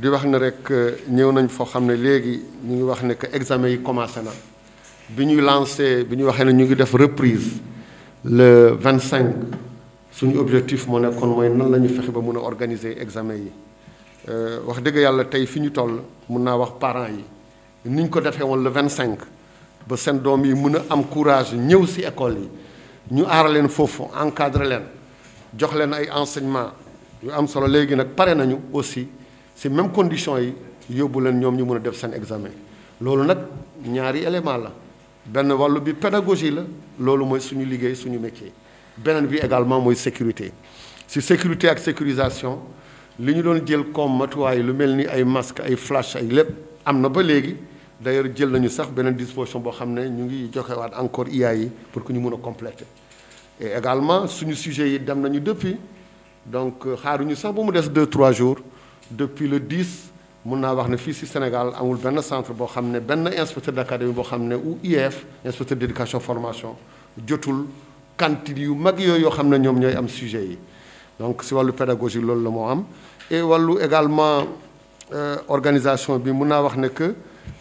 di wax ne rek euh, ñëw nañ fo xam légui léegi ñu ngi wax ne que examen yi commencé na bi ñuy lancé bi ñu ne ñu ngi def reprise le 25 suñu objectif mo ne kon moy nan lañu fexé ba mëna organiser examen yi euh wax dëgg yalla tay fiñu toll mun naa wax parents yi niñ ko défé woon le 25 ba sen doom yi mën am courage ñëw ci école yi ñu aar leen foofu encadre leen jox leen ay enseignement yu am solo légui nak paré nañu aussi la même condition que ñom ñu mëna def examen lolu nak ñaari élément la ben walu pédagogie la lolu moy suñu liggéey suñu métier également sécurité si sécurité ak sécurisation li ñu doon jël comme lu ay masque ay flash ay amna ba d'ailleurs jël nañu sax disposition ñu ngi encore pour que ñu mëna compléter et également suñu sujet yi depuis donc nous sax mu trois jours depuis le 10 on naa wax ne fii si Sénégal amul benn centre un xam ne benn inspecteur d'académie ou IF, inspecteur d'éducation formation de formation. yu mag yooyu qui xam ne sujet donc c'est la pédagogie loolu la moo am et wàllu également euh, organisation bi mun naa ne que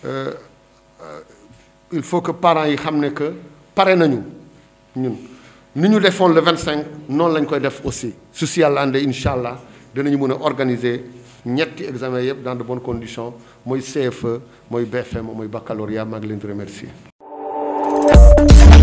euh, il faut que parents yi xam que pare nañu ñun nous défendons le 25 nous lañ koy aussi ceci est l'année, Inch'Allah nous avons organisé organiser ñetti examens yépp dans de bonnes conditions suis CFE moy BFM moy baccalauréat Je vous leen remercier